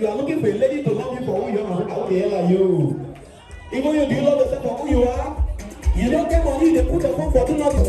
You are looking for a lady to love you for who you are. How the hell are you? Even you do you love yourself for who you are? You don't get money, they put the phone for two dollars.